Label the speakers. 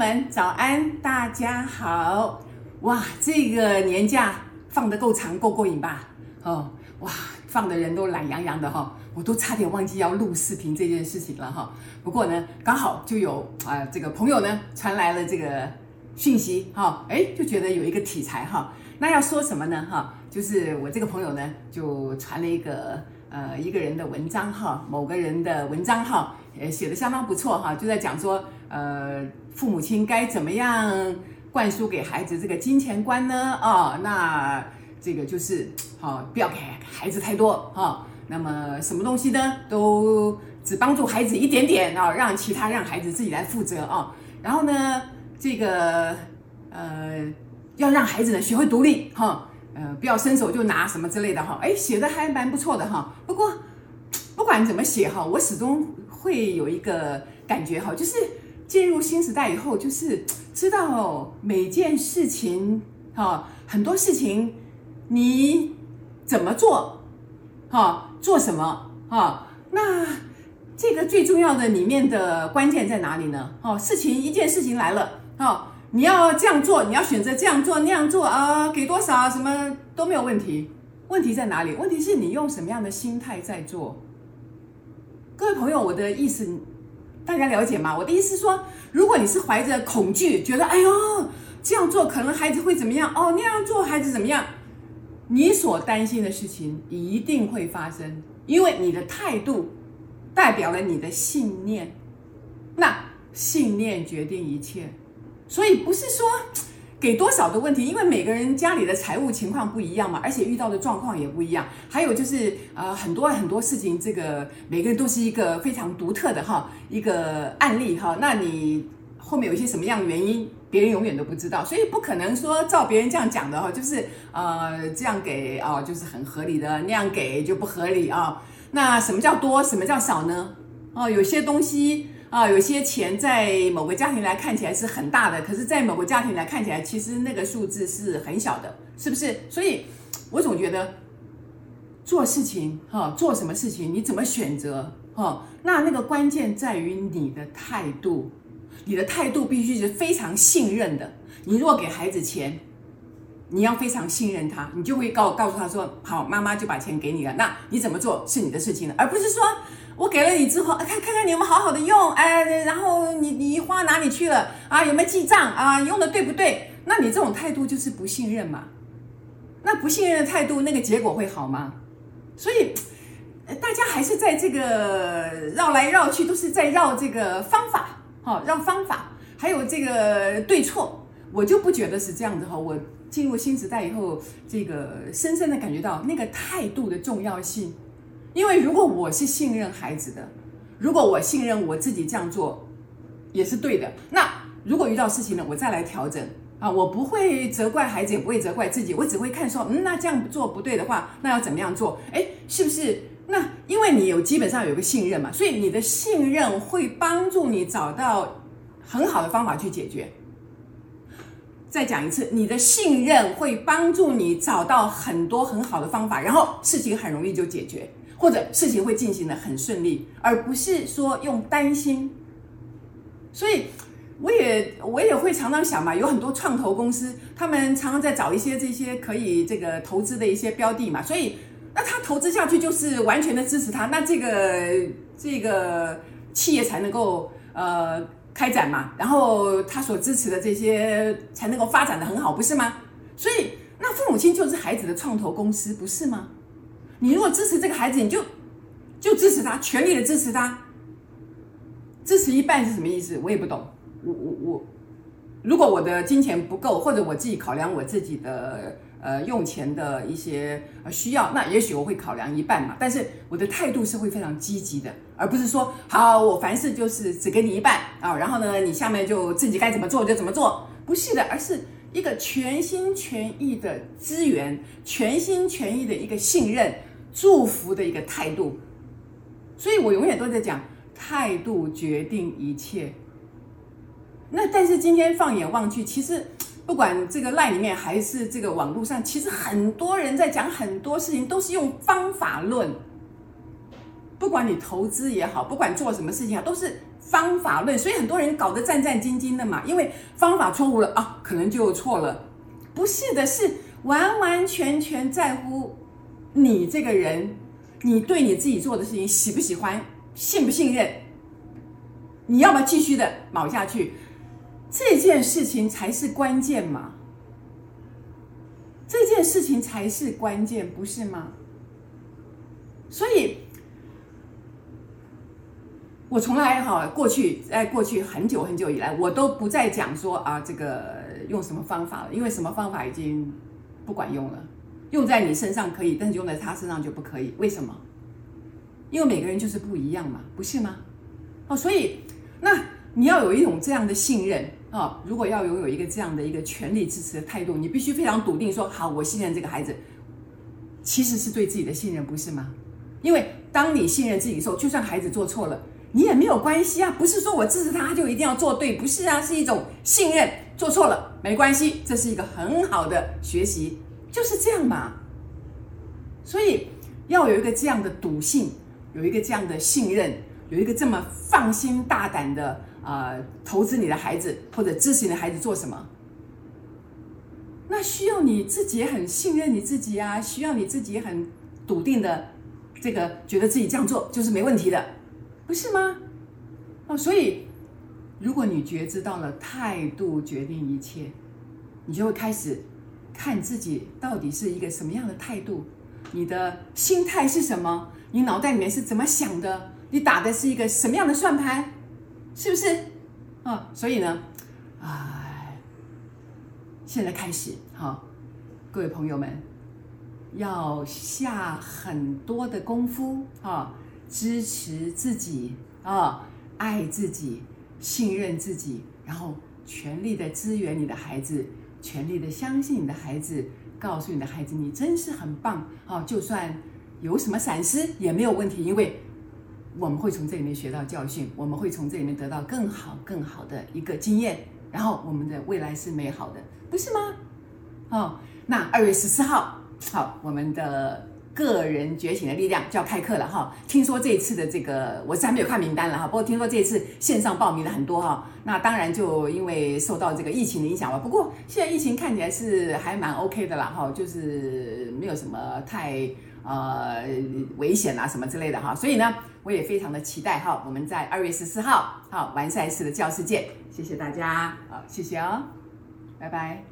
Speaker 1: 們早安，大家好！哇，這個年假放得夠長，夠過癮吧？哦，哇，放的人都懶洋洋的哈、哦，我都差點忘記要錄視頻這件事情了哈、哦。不過呢，剛好就有啊、呃，這個朋友呢傳來了這個訊息哈、哦，誒，就覺得有一個題材哈、哦，那要說什麼呢哈、哦？就是我這個朋友呢就傳了一個呃一個人的文章哈，某個人的文章哈，呃寫得相當不錯哈，就在講說。呃，父母親該怎麼樣灌輸給孩子這個金錢觀呢？哦，那這個就是好、哦，不要給孩子太多哈、哦。那麼什麼東西呢？都只幫助孩子一點點啊、哦，讓其他讓孩子自己來負責啊、哦。然後呢，這個呃，要讓孩子呢學會獨立哈、哦，呃，不要伸手就拿什麼之類的哈。哎，寫得還蠻不錯的哈。不過不管怎麼寫哈，我始終會有一個感覺哈，就是。進入新時代以後，就是知道每件事情，哈，很多事情，你怎麼做，哈，做什麼，哈，那這個最重要的裡面的關鍵在哪裡呢？哈，事情一件事情來了，哈，你要這樣做，你要選擇這樣做那樣做啊，給多少，什麼都沒有問題。問題在哪裡？問題是你用什麼樣的心態在做。各位朋友，我的意思。大家了解嗎？我的意思是說，如果你是懷着恐懼，覺得哎喲，這樣做可能孩子會怎麼樣哦，那樣做孩子怎麼樣，你所擔心的事情一定會發生，因為你的態度代表了你的信念。那信念決定一切，所以不是說。給多少的問題，因為每個人家裡的財務情況不一樣嘛，而且遇到的狀況也不一樣。還有就是，呃，很多很多事情，這個每個人都是一個非常獨特的哈一個案例哈。那你後面有一些什麼樣的原因，別人永遠都不知道，所以不可能說照別人這樣講的哈，就是呃這樣給哦，就是很合理的，那樣給就不合理啊、哦。那什麼叫多，什麼叫少呢？哦，有些東西。啊，有些錢在某個家庭來看起來是很大的，可是，在某個家庭來看起來，其實那個數字是很小的，是不是？所以，我總覺得做事情，哈，做什麼事情，你怎麼選擇，哈，那那個關鍵在於你的態度，你的態度必須是非常信任的。你若給孩子錢。你要非常信任他，你就會告告訴他說：“好，媽媽就把錢給你了。那你怎麼做是你的事情了，而不是說我給了你之後，看看看你有沒有好好的用，哎，然後你你花哪裡去了啊？有沒有記賬啊？用的對不對？那你這種態度就是不信任嘛。那不信任的態度，那個結果會好嗎？所以大家還是在這個繞來繞去，都是在繞這個方法，哈，繞方法，還有這個對錯，我就不覺得是這樣子。哈，我。進入新時代以後，這個深深的感覺到那個態度的重要性。因為如果我是信任孩子的，如果我信任我自己這樣做也是對的。那如果遇到事情呢，我再來調整。啊，我不會責怪孩子，也不會責怪自己，我只會看說，嗯，那這樣做不對的話，那要怎麼樣做？哎，是不是？那因為你有，基本上有個信任嘛，所以你的信任會幫助你找到很好的方法去解決。再講一次，你的信任會幫助你找到很多很好的方法，然後事情很容易就解決，或者事情會進行得很順利，而不是說用擔心。所以我也我也會常常想嘛，有很多創投公司，他們常常在找一些這些可以這個投資的一些標的嘛，所以那他投資下去就是完全的支持他，那這個這個企業才能夠呃。開展嘛，然後他所支持的這些才能夠發展得很好，不是嗎？所以那父母親就是孩子的創投公司，不是嗎？你如果支持這個孩子，你就就支持他，全力地支持他。支持一半是什麼意思？我也不懂。我我我，如果我的金錢不夠，或者我自己考量我自己的呃用錢的一些，呃，需要，那也許我會考量一半嘛。但是我的態度是會非常積極的。而不是說好，好，我凡事就是只給你一半啊，然後呢，你下面就自己該怎麼做就怎麼做，不是的，而是一個全心全意的資源，全心全意的一個信任、祝福的一個態度。所以我永遠都在講，態度決定一切。那但是今天放眼望去，其實不管這個 LINE 裡面還是這個網絡上，其實很多人在講很多事情，都是用方法論。不管你投資也好，不管做什麼事情啊，都是方法論。所以很多人搞得戰戰兢兢的嘛，因為方法錯誤了啊，可能就錯了。不是的，是完完全全在乎你這個人，你對你自己做的事情喜不喜歡，信不信任，你要不要繼續的卯下去，這件事情才是關鍵嘛。這件事情才是關鍵，不是嗎？所以。我從來哈過去，在過去很久很久以來，我都不再講說啊，這個用什麼方法了，因為什麼方法已經不管用了，用在你身上可以，但是用在他身上就不可以。為什麼？因為每個人就是不一樣嘛，不是嗎？哦，所以那你要有一種這樣的信任啊、哦，如果要擁有一個這樣的一個全力支持的態度，你必須非常篤定說好，我信任這個孩子，其實是對自己的信任，不是嗎？因為當你信任自己的時候，就算孩子做錯了。你也沒有關係啊，不是說我支持他，他就一定要做對，不是啊，是一種信任。做錯了沒關係，這是一個很好的學習，就是這樣嘛。所以要有一個這樣的篤信，有一個這樣的信任，有一個這麼放心大膽的啊、呃，投資你的孩子或者支持你的孩子做什麼，那需要你自己很信任你自己啊，需要你自己很篤定的，這個覺得自己這樣做就是沒問題的。不是嗎？哦，所以如果你覺知到了態度決定一切，你就會開始看自己到底是一個什麼樣的態度，你的心態是什麼，你腦袋裡面是怎麼想的，你打的是一個什麼樣的算盤，是不是？啊、哦，所以呢，哎、啊，現在開始，哈、哦，各位朋友們要下很多的功夫，哦支持自己啊、哦，愛自己，信任自己，然後全力的支援你的孩子，全力的相信你的孩子，告訴你的孩子，你真是很棒啊、哦！就算有什麼閃失也沒有問題，因為我們會從這裡面學到教訓，我們會從這裡面得到更好、更好的一個經驗，然後我們的未來是美好的，不是嗎？哦，那二月十四號，好，我們的。個人覺醒的力量就要開課了哈！聽說這次的這個我是還沒有看名單了哈，不過聽說這次線上報名的很多哈。那當然就因為受到這個疫情的影響嘛。不過現在疫情看起來是還蠻 OK 的了哈，就是沒有什麼太呃危險啊什麼之類的哈。所以呢，我也非常的期待哈。我們在二月十四號好完賽事的教室見，謝謝大家，好，謝謝哦，拜拜。